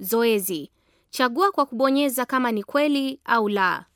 Zoezi: chagua kwa kubonyeza kama ni kweli au la.